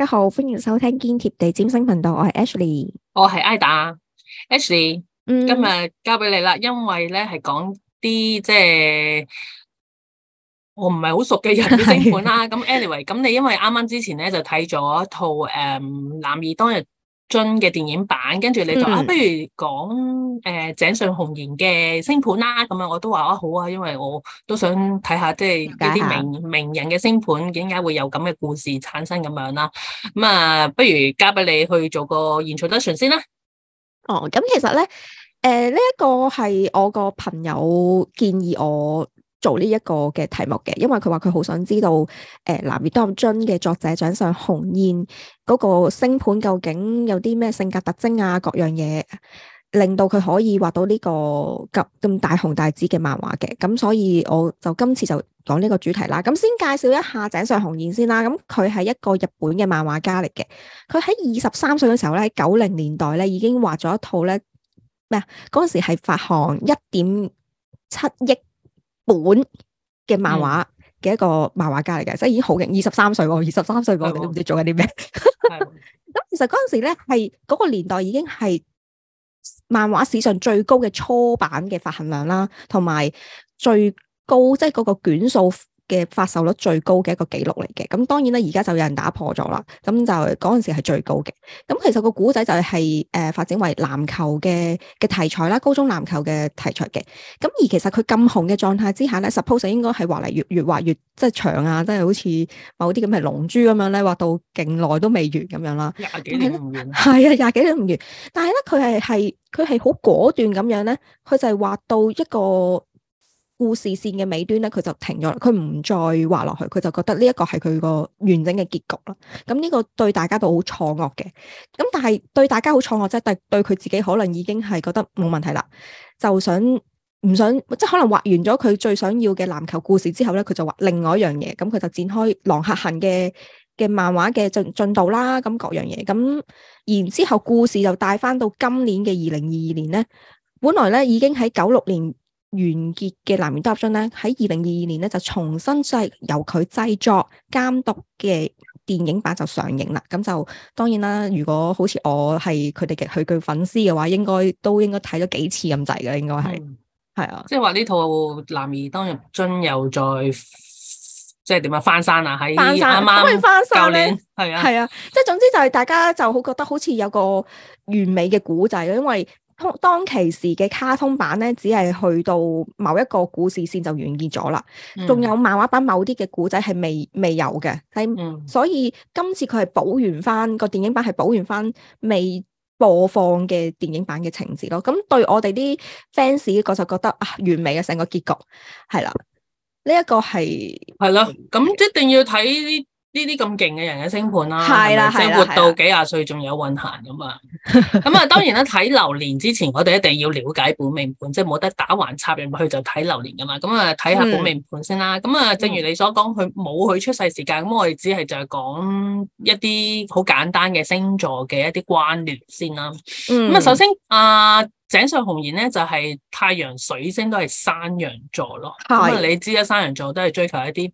大家好，歡迎收聽堅貼地占星頻道，我係 Ash Ashley，我係 Ida，Ashley，嗯，今日交俾你啦，因為咧係講啲即係我唔係好熟嘅人嘅星盤啦，啊，咁 Anyway，咁你因為啱啱之前咧就睇咗一套誒，嗯，男兒當日。樽嘅電影版，跟住你就、嗯、啊，不如講誒、呃、井上雄彥嘅星盤啦，咁啊，樣我都話啊好啊，因為我都想睇下即係一啲名名人嘅星盤，點解會有咁嘅故事產生咁樣啦、啊。咁啊，不如交俾你去做個 introduction 得唔得先啦？哦，咁其實咧，誒呢一個係我個朋友建議我。做呢一個嘅題目嘅，因為佢話佢好想知道，誒、呃《男兒當入樽》嘅作者井上雄彥嗰、那個星盤究竟有啲咩性格特徵啊？各樣嘢令到佢可以畫到呢、這個咁咁大紅大紫嘅漫畫嘅。咁所以我就今次就講呢個主題啦。咁先介紹一下井上雄彥先啦。咁佢係一個日本嘅漫畫家嚟嘅。佢喺二十三歲嘅時候咧，喺九零年代咧已經畫咗一套咧咩啊？嗰陣時係發行一點七億。本嘅漫畫嘅一個漫畫家嚟嘅，即係已經好型，二十三歲喎，二十三歲嘅我哋都唔知做緊啲咩。咁 其實嗰陣時咧，係嗰個年代已經係漫畫史上最高嘅初版嘅發行量啦，同埋最高即係嗰個卷數。嘅發售率最高嘅一個紀錄嚟嘅，咁當然啦，而家就有人打破咗啦。咁就嗰陣時係最高嘅。咁其實個古仔就係、是、誒、呃、發展為籃球嘅嘅題材啦，高中籃球嘅題材嘅。咁而其實佢咁紅嘅狀態之下咧，suppose 應該係畫嚟越越畫越即係長啊，即係好似某啲咁嘅龍珠咁樣咧，畫到勁耐都未完咁樣啦。廿幾年都唔完 係啊，廿幾年唔完。但係咧，佢係係佢係好果斷咁樣咧，佢就係畫到一個故事線嘅尾端咧，佢就停咗，佢唔再畫落去，佢就覺得呢一個係佢個完整嘅結局啦。咁、這、呢個對大家都好錯愕嘅，咁但係對大家好錯愕即係對佢自己可能已經係覺得冇問題啦，就想唔想即係可能畫完咗佢最想要嘅籃球故事之後咧，佢就畫另外一樣嘢，咁佢就展開狼《浪客行》嘅嘅漫畫嘅進進度啦，咁各樣嘢，咁然之後故事就帶翻到今年嘅二零二二年咧，本來咧已經喺九六年，完結嘅《男兒當入樽》咧，喺二零二二年咧就重新製由佢製作監督嘅電影版就上映啦。咁就當然啦，如果好似我係佢哋嘅佢嘅粉絲嘅話，應該都應該睇咗幾次咁滯噶，應該係係啊。即係話呢套《男兒當入樽》又再即係點啊翻山啊喺翻山啊嘛可以翻山係啊係啊，即係、 啊、總之就係大家就好覺得好似有個完美嘅古仔，因為。通當其時嘅卡通版咧，只係去到某一個故事線就完結咗啦。仲、嗯、有漫畫版某啲嘅故仔係未未有嘅，係所以、嗯、所以今次佢係補完翻個、嗯、電影版，係補完翻未播放嘅電影版嘅情節咯。咁對我哋啲 fans 嘅就覺得、啊、完美嘅成個結局係啦。呢一、個係係啦，咁一定要睇。呢啲咁勁嘅人嘅星盤啦，係啦，即係活到幾廿歲仲有運行咁啊！咁啊，當然啦，睇流年之前， 我哋一定要了解本命盤，即係冇得打橫插入去就睇流年噶嘛。咁、嗯、啊，睇下、嗯、本命盤先啦。咁啊，正如你所講，佢冇佢出世時間，咁、嗯、我哋只係就講一啲好簡單嘅星座嘅一啲關聯先啦。咁啊、嗯，首先啊、呃，井上雄彥咧就係、是、太陽水星都係山羊座咯。咁啊，你知啦，山羊座都係追求一啲。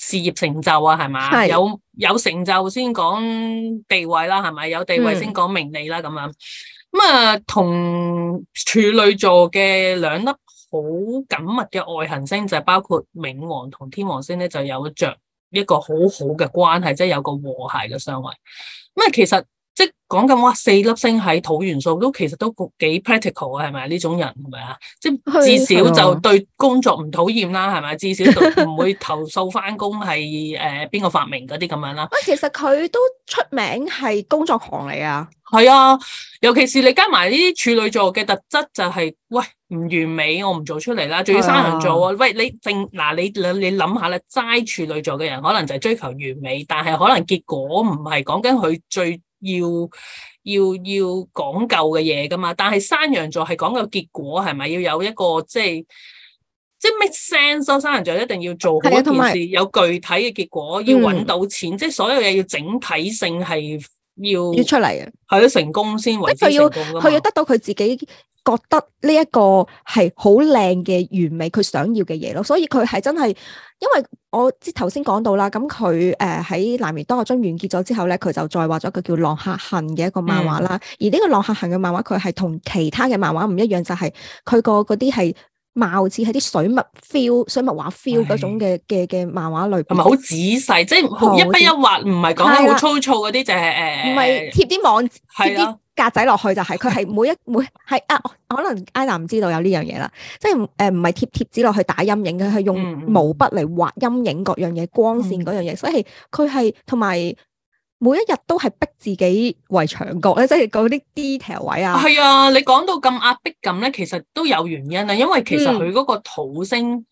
事業成就啊，係咪？ 有有成就先講地位啦，係咪？有地位先講名利啦，咁啊。咁、嗯、啊，同處女座嘅兩粒好緊密嘅外行星就係包括冥王同天王星咧，就有着一個好好嘅關係，即、就、係、是、有個和諧嘅相位。咁啊，其實。即係講緊，哇，四粒星喺土元素都其實都幾 practical 啊，係咪？呢種人係咪啊？即係至少就對工作唔討厭啦，係咪？至少唔 會投訴翻工係誒邊個發明嗰啲咁樣啦。喂，其實佢都出名係工作狂嚟啊。係啊，尤其是你加埋呢啲處女座嘅特質，就是，就係喂唔完美，我唔做出嚟啦，仲要雙人座啊。 喂，你正嗱，呃，你你你諗下啦，齋處女座嘅人可能就係追求完美，但係可能結果唔係講緊佢最。要要要講究嘅嘢噶嘛，但係山羊座係講究結果，係咪要有一個即係即係 make sense 咯、哦？山羊座一定要做好一件事，有，有具體嘅結果，要搵到錢，嗯、即係所有嘢要整體性係要要出嚟啊！係咯，成功先為之成功嘅嘛，佢要佢要得到佢自己。覺得呢一個係好靚嘅完美，佢想要嘅嘢咯，所以佢係真係，因為我即頭先講到啦，咁佢誒喺《男兒當入樽》完結咗之後咧，佢就再畫咗一個叫《浪客行》嘅一個漫畫啦。嗯、而呢個《浪客行》嘅漫畫，佢係同其他嘅漫畫唔一樣，就係佢個嗰啲係。貌似係啲水墨 feel fe，水墨畫 feel 嗰種嘅嘅嘅漫畫類，唔係好仔細，即係、嗯、一筆一畫，唔係講得好粗糙嗰啲，就是，就係誒，唔係貼啲網貼啲格仔落去就係，是，佢係每一 每係啊，可能 Ida 唔知道有呢樣嘢啦，即係誒唔係貼貼紙落去打陰影嘅，佢係用毛筆嚟畫陰影，各樣嘢，嗯、光線各樣嘢，所以佢係同埋。每一日都係逼自己為牆角咧，即係嗰啲 detail 位啊。係啊，你講到咁壓迫咁咧，其實都有原因啊。因為其實佢嗰個土星，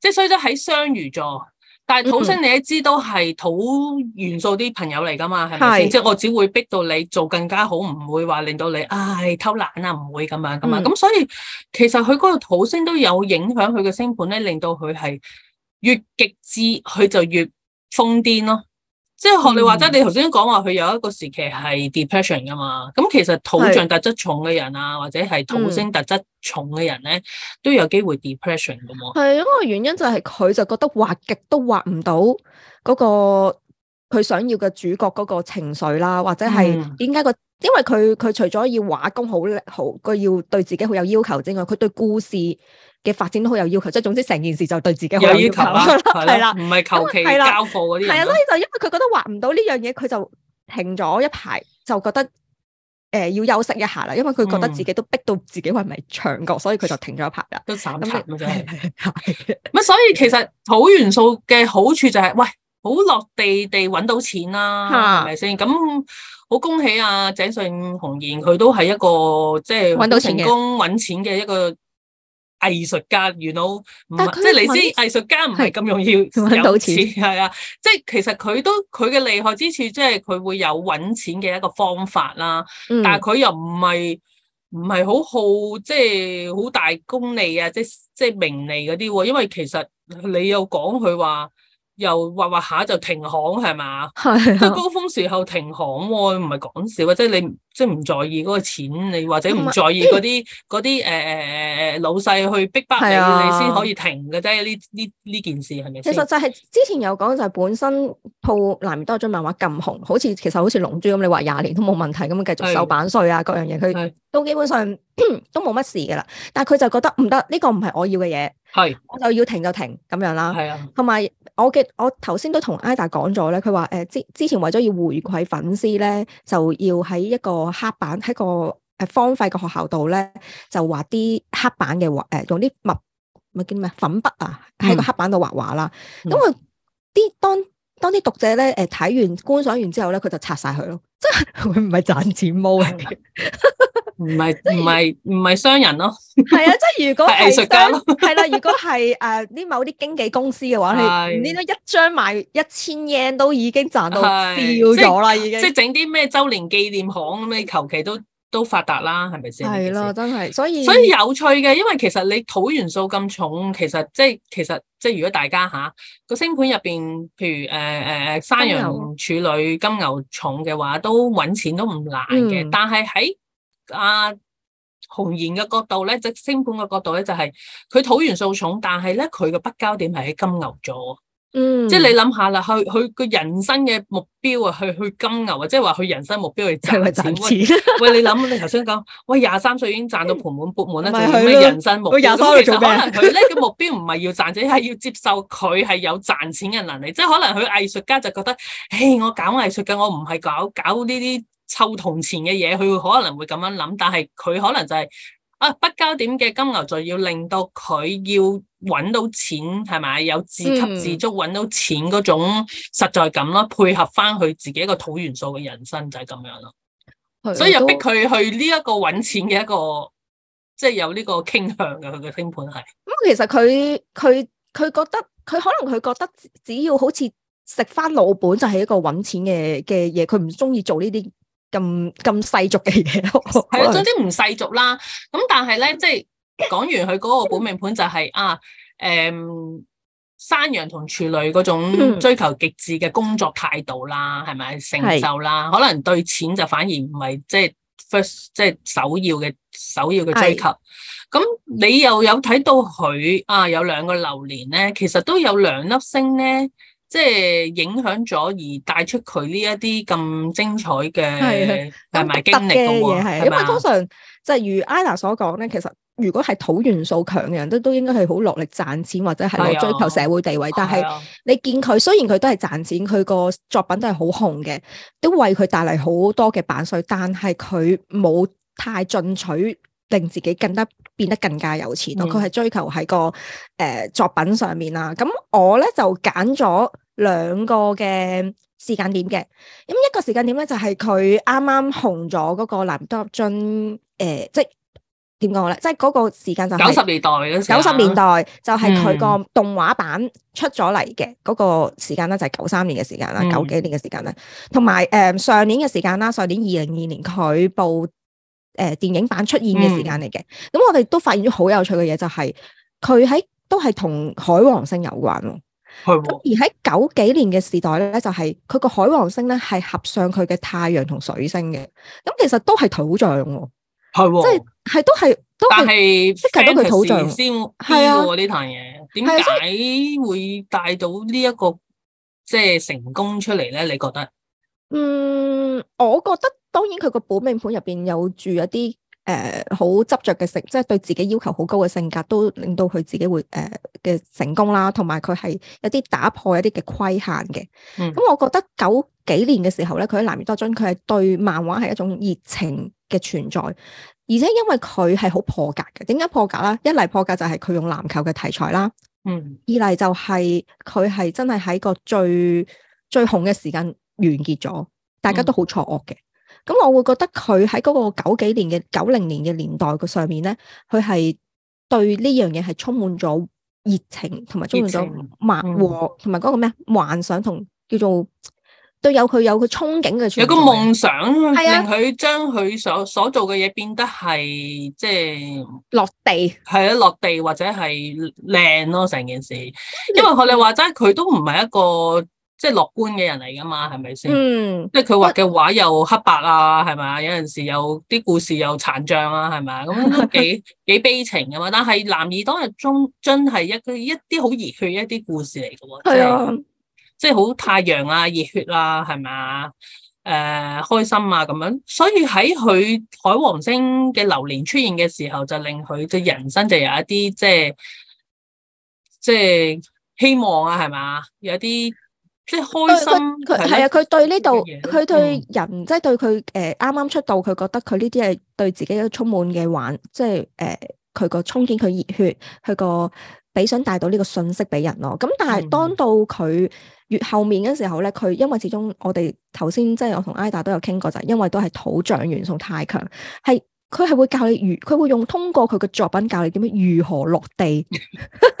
即係所以都喺雙魚座，但係土星你都知道係土元素啲朋友嚟噶嘛，係咪先？即係我只會逼到你做更加好，唔會話令到你唉偷懶啊，唔會咁樣咁啊。咁所以其實佢嗰個土星都有影響佢嘅星盤咧，令到佢係越極致，佢就越瘋癲咯。即係學你話齋，你頭先講話佢有一個時期係 depression 㗎嘛，咁其實土象特質重嘅人啊，是或者係土星特質重嘅人咧，嗯、都有機會 depression 㗎喎。係因為原因就係佢就覺得畫極都畫唔到嗰個佢想要嘅主角嗰個情緒啦，或者係點解個？嗯、因為佢佢除咗要畫工好叻好，佢要對自己好有要求之外，佢對故事嘅發展都好有要求，即係總之成件事就對自己好有要求啦。係啦，唔係求其交貨嗰啲。係啊，所以就因為佢、啊啊、覺得畫唔到呢樣嘢，佢就停咗一排，就覺得誒、呃、要休息一下啦。因為佢覺得自己都逼到自己，係咪長角？所以佢就停咗一排啦。都散財咯，就咪、嗯 嗯、所以其實土元素嘅好處就係、是，喂，好落地地揾到錢啦、啊，係咪先？咁好恭喜啊！井上雄彥，佢都係一個即係成功揾錢嘅一個。就是一個藝術家，原來唔係，即係你知，你知藝術家唔係咁容易揾到是錢，係啊，即係其實佢都佢嘅厲害之處，即係佢會有揾錢嘅一個方法啦。嗯、但係佢又唔係唔係好好，即係好大功利啊，即係即係名利嗰啲喎。因為其實你又講佢話，又畫畫下就停行係嘛，啊、即高峰時候停行喎、啊，唔係講笑啊，即係你。即係唔在意嗰個錢，你或者唔在意嗰啲啲誒誒誒老細去逼逼你，啊、你先可以停嘅啫。呢呢呢件事係咪其實就係之前有講，就係、是、本身鋪男兒當入樽漫畫咁紅，好似其實好似龍珠咁，你話廿年都冇問題咁，繼續收版稅啊，是各樣嘢，佢都是基本上都冇乜事噶啦。但係佢就覺得唔得，呢、呢個唔係我要嘅嘢，係是我就要停就停咁樣啦。係啊，同埋是、啊、我嘅我頭先都同 ida 講咗咧，佢話誒之之前為咗要回饋粉絲咧，就要喺一個。黑板喺個誒荒廢個學校度咧，就畫啲黑板嘅畫，誒用啲墨咪叫咩粉筆啊，喺個黑板度畫畫啦。咁佢、嗯，啲當當啲讀者咧，誒睇完觀賞完之後咧，佢就拆晒佢咯，即係佢唔係賺錢毛嚟嘅。唔係唔係唔係商人咯，係 啊！即係如果係藝術家，係啦。如果係誒呢某啲經紀公司嘅話， 啊、你呢張一張賣一千 yen 都已經賺到笑咗啦，啊、已經即係整啲咩周年紀念行咁你求其都都發達啦，係咪先？係咯、啊，真係所以所以有趣嘅，因為其實你土元素咁重，其實即係其實,其實即係如果大家吓個星盤入邊，譬如誒誒誒山羊、處女、金牛重嘅話，都搵錢都唔難嘅，但係喺阿鴻、啊、言嘅角度咧，即係升盤嘅角度咧，就係、是、佢土元素重，但係咧佢嘅北交點係喺金牛座，嗯，即係你諗下啦，佢佢個人生嘅目標啊，去去金牛啊，即係話佢人生目標係賺錢，喂，你諗，你頭先講，喂，廿三歲已經賺到盆滿缽滿啦，做咩是人生目標？廿三 可能，佢咧個目標唔係要賺錢，係 要接受佢係有賺錢嘅能力，即係可能佢藝術家就覺得，誒，我搞藝術嘅，我唔係搞搞呢啲。湊銅錢嘅嘢，佢會可能會咁樣諗，但係佢可能就係、是、啊北交點嘅金牛座，要令到佢要揾到錢係咪？有自給自足揾到錢嗰種實在感咯，嗯、配合翻佢自己一個土元素嘅人生就係、是、咁樣咯。的所以又逼佢去呢一個揾錢嘅一個，即、就、係、是、有呢個傾向嘅佢嘅升盤係。咁、嗯、其實佢佢佢覺得佢可能佢覺得只要好似食翻老本就係一個揾錢嘅嘅嘢，佢唔中意做呢啲。咁咁世俗嘅嘢，係啊， 總之唔世俗啦。咁但係咧，即係講完佢嗰個本命盤就係、是、啊，誒、嗯，山羊同處女嗰種追求極致嘅工作態度啦，係咪、嗯、成就啦？的可能對錢就反而唔係即係 first，即係首要嘅首要嘅追求。咁的你又有睇到佢啊，有兩個流年咧，其實都有兩粒星咧。即係影響咗而帶出佢呢一啲咁精彩嘅同埋經歷嘅嘢喎，吧因為通常即係如 Ida 所講咧，其實如果係土元素強嘅人都都應該係好落力賺錢或者係追求社會地位，的但係你見佢雖然佢都係賺錢，佢個作品都係好紅嘅，都為佢帶嚟好多嘅版稅，但係佢冇太進取令自己更得變得更加有錢咯。佢係、嗯、追求喺、那個誒、呃、作品上面啦。咁我咧就揀咗兩個嘅時間點嘅，咁一個時間點咧就係佢啱啱紅咗嗰個《南刀津》呃，誒，即係點講好咧？即係嗰個時間就九、是、十年代嗰時，九十年代就係佢個動畫版出咗嚟嘅嗰個時間啦，就係九三年嘅時間啦，九幾、嗯、年嘅時間啦，同埋誒上年嘅時間啦，上年二零二二年佢部誒電影版出現嘅時間嚟嘅。咁、嗯、我哋都發現咗好有趣嘅嘢，就是，就係佢喺都係同海王星有關係， 而喺九幾年嘅時代咧，就係佢個海王星咧係合上佢嘅太陽同水星嘅，咁其實都係土象喎，係，即係係都係，都係結合到佢土象先，係是啊呢壇嘢，點解會帶到呢、這、一個即係成功出嚟咧？你覺得？嗯，我覺得當然佢個本命盤入邊有住一啲。誒，好執着嘅性，即係對自己要求好高嘅性格，都令到佢自己會誒嘅、呃、成功啦。同埋佢係有啲打破一啲嘅規限嘅。咁、嗯嗯、我覺得九幾年嘅時候咧，佢喺男兒當入樽，佢係對漫畫係一種熱情嘅存在。而且因為佢係好破格嘅，點解破格咧？一嚟破格就係佢用籃球嘅題材啦。嗯。二嚟就係佢係真係喺個最最紅嘅時間完結咗，大家都好錯愕嘅。嗯咁我會覺得佢喺嗰個九幾年嘅九零年嘅年代嘅上面咧，佢係對呢樣嘢係充滿咗熱情，同埋充滿咗盲和，同埋嗰個咩幻想同叫做都有佢有佢憧憬嘅存在。有個夢想，令佢將佢所所做嘅嘢變得係即係落地，係啊，落地或者係靚咯，成件事，因為學你話齋佢都唔係一個。即係樂觀嘅人嚟㗎嘛，係咪先？嗯、即係佢畫嘅畫又黑白啊，係咪啊？有陣時有啲故事又殘障啊，係咪啊？咁都幾幾悲情㗎嘛。但係男兒當入樽真係一啲一啲好熱血一啲故事嚟㗎喎。係、啊、即係好太陽啊，熱血啦、啊，係嘛？誒、呃，開心啊咁樣。所以喺佢海王星嘅流年出現嘅時候，就令佢嘅人生就有一啲即係即係希望啊，係嘛？有啲。即係開心，佢係嗎啊！佢對呢度，佢對人，即係、嗯、對佢誒啱啱出道，佢覺得佢呢啲係對自己都充滿嘅玩，即係誒佢個衝勁，佢、呃、熱血，佢個俾想帶到呢個信息俾人咯。咁但係當到佢越後面嘅時候咧，佢、嗯、因為始終我哋頭先即係我同 ida 都有傾過就係、是，因為都係土象元素太強，係佢係會教你如，佢會用通過佢嘅作品教你點樣如何落地。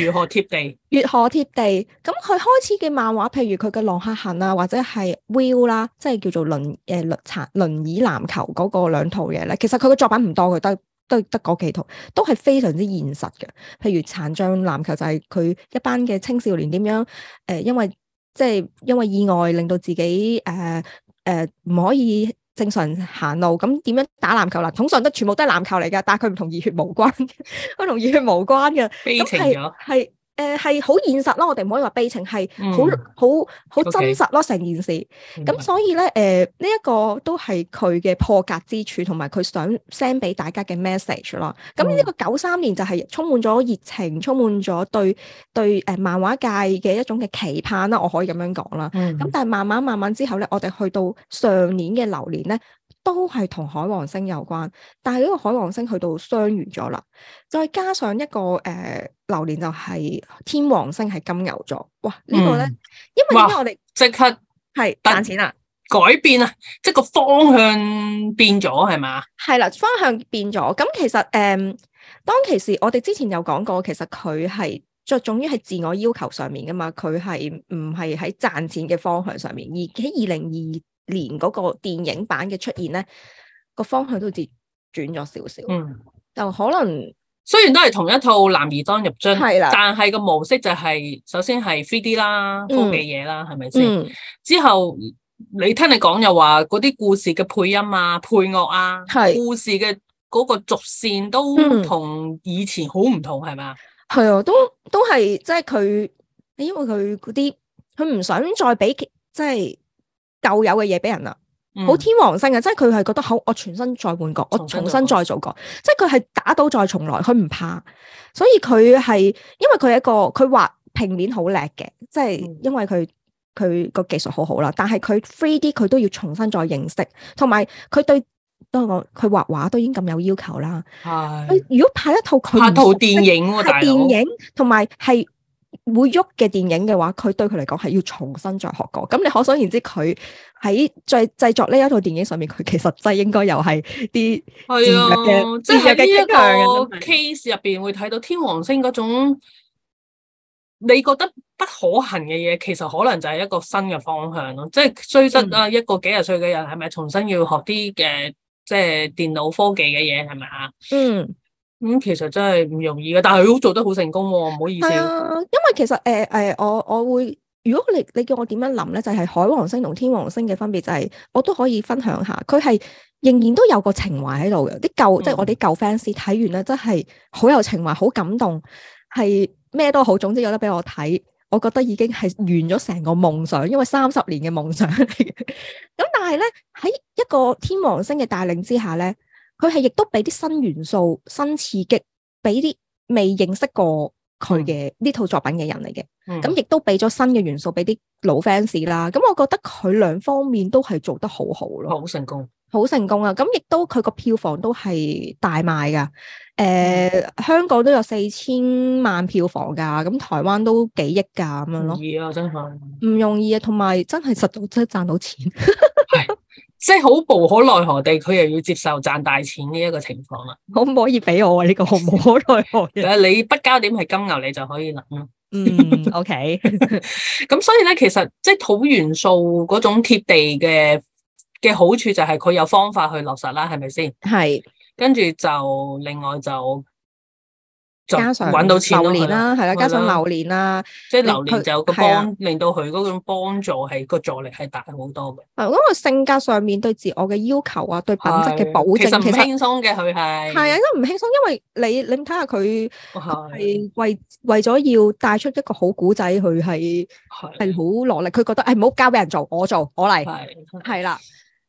如何貼地？如何貼地？咁佢開始嘅漫畫，譬如佢嘅《浪客行》啊，或者係 Will 啦、啊，即係叫做輪誒、呃、輪殘輪椅籃球嗰個兩套嘢咧。其實佢嘅作品唔多，佢都得得嗰幾套都係非常之現實嘅。譬如殘障籃球，就係、是、佢一班嘅青少年點樣誒、呃，因為即係因為意外令到自己誒誒唔可以。正常行路咁點樣打籃球啦？通常都全部都係籃球嚟噶，但係佢唔同熱血無關，佢同熱血無關嘅，悲情咗，咁係係。誒，係好現實咯，我哋唔可以話悲情係好好好真實咯，成件事。咁、嗯、所以咧，誒、呃、呢、這、一個都係佢嘅破格之處，同埋佢想 send 俾大家嘅 message 咯。咁呢一個九三年就係充滿咗熱情，充滿咗對對誒漫畫界嘅一種嘅期盼啦。我可以咁樣講啦。咁、嗯、但係慢慢慢慢之後咧，我哋去到上年嘅流年咧。都係同海王星有關，但係呢個海王星去到相完咗啦，再加上一個誒、呃、流年就係天王星係金牛座，哇！這個、呢個咧，因為點解我哋即刻係賺錢啦，改變啊，即係個方向變咗係嘛？係啦，方向變咗。咁其實誒、呃，當其時我哋之前有講過，其實佢係着重於係自我要求上面噶嘛，佢係唔係喺賺錢嘅方向上面，而喺二零二。連嗰個電影版嘅出現咧，個方向都似轉咗少少，嗯、就可能雖然都係同一套《男兒當入樽》，係啦的，但係個模式就係、是、首先係 three D 啦，科技嘢啦，係咪先？吧嗯、之後、嗯、你聽你講又話嗰啲故事嘅配音啊、配樂啊，係是故事嘅嗰個軸線都同以前好唔同，係咪啊？係啊，都都係即係佢，因為佢嗰啲佢唔想再俾即係。舊有嘅嘢俾人啦，好、嗯、天王星啊！即係佢係覺得好，我全身再換過，我重新再做過，即係佢係打倒再重來，佢唔怕，所以佢係因為佢係一個佢畫平面好叻嘅，即係因為佢佢個技術好好啦。但係佢 three D 佢都要重新再認識，同埋佢對當我佢畫畫都已經咁有要求啦。係佢唉如果拍一套佢，拍套電、啊、電影，係電影同埋係。會喐嘅電影嘅話，佢對佢嚟講係要重新再學過。咁你可想而知，佢喺製製作呢一套電影上、啊、面，佢其實真應該又係啲係啊，即係呢一個 case 入邊會睇到天王星嗰種你覺得不可行嘅嘢，其實可能就係一個新嘅方向咯。即係雖則啦，一個幾廿歲嘅人係咪重新要學啲嘅即係電腦科技嘅嘢係咪啊？是是嗯。咁、嗯、其實真係唔容易嘅，但係佢都做得好成功喎、啊，唔好意思。啊，因為其實誒誒、呃呃，我我會，如果你你叫我點樣諗咧，就係、是、海王星同天王星嘅分別就係、是，我都可以分享下，佢係仍然都有個情懷喺度嘅，啲舊即係我啲舊 fans 睇完咧，嗯、真係好有情懷，好感動，係咩都好，總之有得俾我睇，我覺得已經係完咗成個夢想，因為三十年嘅夢想嚟嘅。咁 但係咧，喺一個天王星嘅帶領之下咧。佢係亦都俾啲新元素、新刺激，俾啲未認識過佢嘅呢套作品嘅人嚟嘅，咁、嗯、亦都俾咗新嘅元素俾啲老 fans 啦。咁我覺得佢兩方面都係做得好好咯，好成功，好成功啊！咁亦都佢個票房都係大賣噶，誒、呃、嗯、香港都有四千萬票房噶，咁台灣都幾億噶，咁樣咯，易啊，真係唔容易啊，同埋真係、啊、實在真係賺到錢。 即係好無可奈何地，佢又要接受賺大錢呢一個情況啦。可唔可以俾我啊？呢、這個好無可奈何嘅， 你不交點係金牛，你就可以諗啦。嗯，OK。 咁 所以咧，其實即係土元素嗰種貼地嘅嘅好處就係佢有方法去落實啦，係咪先？係是。跟住就另外就。就揾到錢啦，係啦，加上流年啦，即係流年就有個幫，令到佢嗰種幫助係個助力係大好多嘅。啊，咁個性格上面對自我嘅要求啊，對品質嘅保證，其實唔輕鬆嘅佢係係啊，應該唔輕鬆，因為你你睇下佢係為為咗要帶出一個好古仔，佢係係好落力，佢覺得誒，唔好交俾人做，我做我嚟，係啦，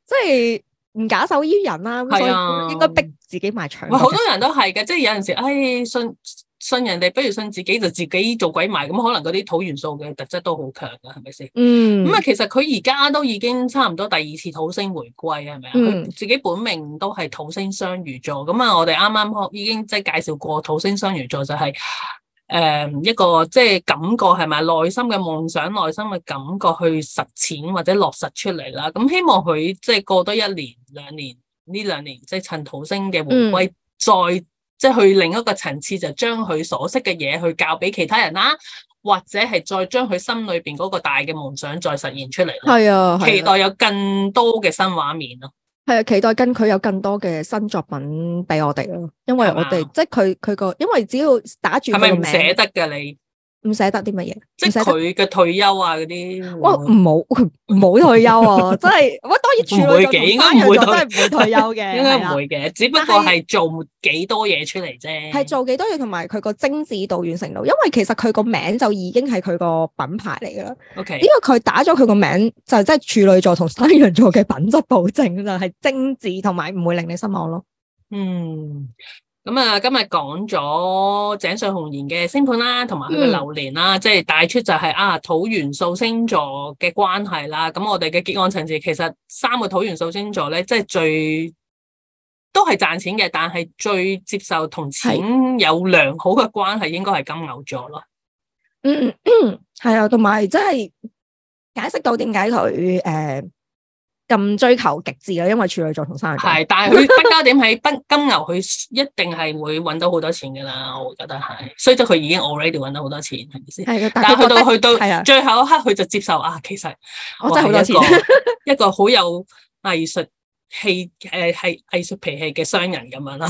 即係。唔假手於人啦、啊，啊、所以應該逼自己埋牆。好多人都係嘅，即、就、係、是、有陣時，哎，信信人哋不如信自己，就自己做鬼埋。咁可能嗰啲土元素嘅特質都好強嘅，係咪先？嗯，咁啊，其實佢而家都已經差唔多第二次土星回歸，係咪啊？佢、嗯、自己本命都係土星雙魚座，咁啊，我哋啱啱開已經即係介紹過土星雙魚座就係、是。誒、呃，一個即係感覺係咪？內心嘅夢想，內心嘅感覺去實踐或者落實出嚟啦。咁希望佢即係過多一年、兩年呢兩年，即係趁土星嘅回歸，嗯、再即係去另一個層次，就將佢所識嘅嘢去教俾其他人啦，或者係再將佢心裏邊嗰個大嘅夢想再實現出嚟。係啊，啊期待有更多嘅新畫面咯。係啊，期待跟佢有更多嘅新作品俾我哋咯，因為我哋嗎即係佢佢個，因為只要打住個名係咪唔捨得噶你。唔捨得啲乜嘢，即係佢嘅退休啊嗰啲。我唔好唔好退休啊！真係，我當然處女座、山羊座真係唔會退休嘅，應該唔會嘅。只不過係做幾多嘢出嚟啫。係做幾多嘢，同埋佢個精致度完成度，因為其實佢個名就已經係佢個品牌嚟噶啦。OK，因為佢打咗佢個名，就係即係處女座同山羊座嘅品質保證，就係、是、精致同埋唔會令你失望咯。嗯。咁、嗯就是，啊，今日講咗井上雄彥嘅星盤啦，同埋佢嘅流年啦，即係帶出就係啊土元素星座嘅關係啦。咁我哋嘅結案層次，其實三個土元素星座咧，即係最都係賺錢嘅，但係最接受同錢有良好嘅關係，應該係金牛座咯。嗯，係啊，同埋即係解釋到點解佢誒。咁追求極致嘅，因為處女座同生人係，但係佢北交點喺不金牛，佢一定係會揾到好多錢噶啦，我會覺得係。所以即佢已經 already 揾到好多錢，係咪先？係但係去到得去到最後一刻，佢的就接受啊，其實我真係好多錢一個好有藝術氣誒，係藝術脾氣嘅商人咁樣啦，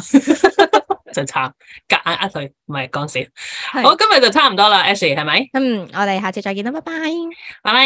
就慘，夾硬呃佢，唔係講笑。的好，今日就差唔多啦 Ashley 係咪？嗯，我哋下次再見啦，拜拜，拜拜。